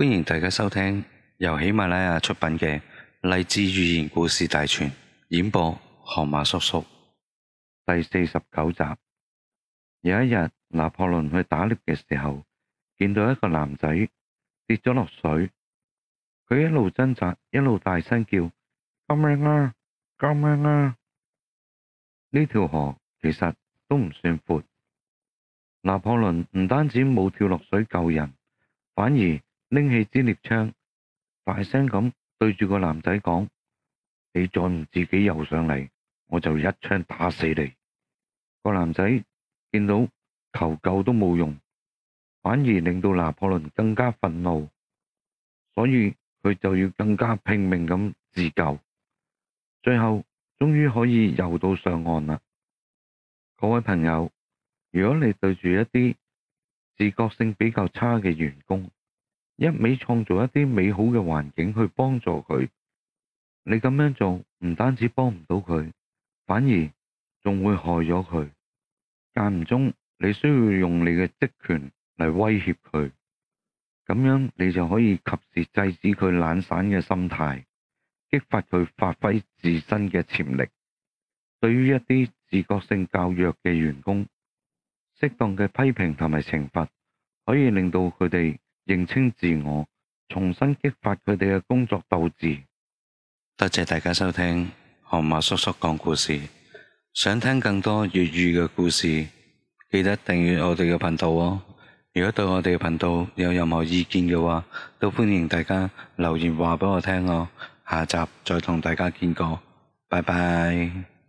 歡迎大家收聽由喜馬拉雅出品嘅《勵志寓言故事大全》演播，河馬叔叔第四十九集。有一日，拿破崙去打獵嘅時候，見到一個男仔跌咗落水，佢一路掙扎，一路大聲叫：救命啊！救命啊！呢條河其實都唔算闊，拿破崙唔單止冇跳落水救人，反而，拎起支獵槍，大聲咁對住個男仔講：你再唔自己游上嚟，我就一槍打死你！個男仔見到求救都冇用，反而令到拿破崙更加憤怒，所以佢就要更加拼命咁自救。最後終於可以游到上岸啦！各位朋友，如果你對住一啲自覺性比較差嘅員工，一味創造一啲美好嘅環境去幫助佢，你咁樣做唔單止幫唔到佢，反而仲會害咗佢。間唔中你需要用你嘅職權嚟威脅佢，咁樣你就可以及時制止佢懶散嘅心態，激發佢發揮自身嘅潛力。對於一啲自覺性較弱嘅員工，適當嘅批評同埋懲罰可以令到佢哋，認清自我，重新激發佢哋嘅工作鬥志。多謝大家收聽韓馬叔叔講故事。想聽更多粵語嘅故事，記得訂閱我哋嘅頻道哦。如果對我哋嘅頻道有任何意見嘅話，都歡迎大家留言話俾我聽哦。下集再同大家見過，拜拜。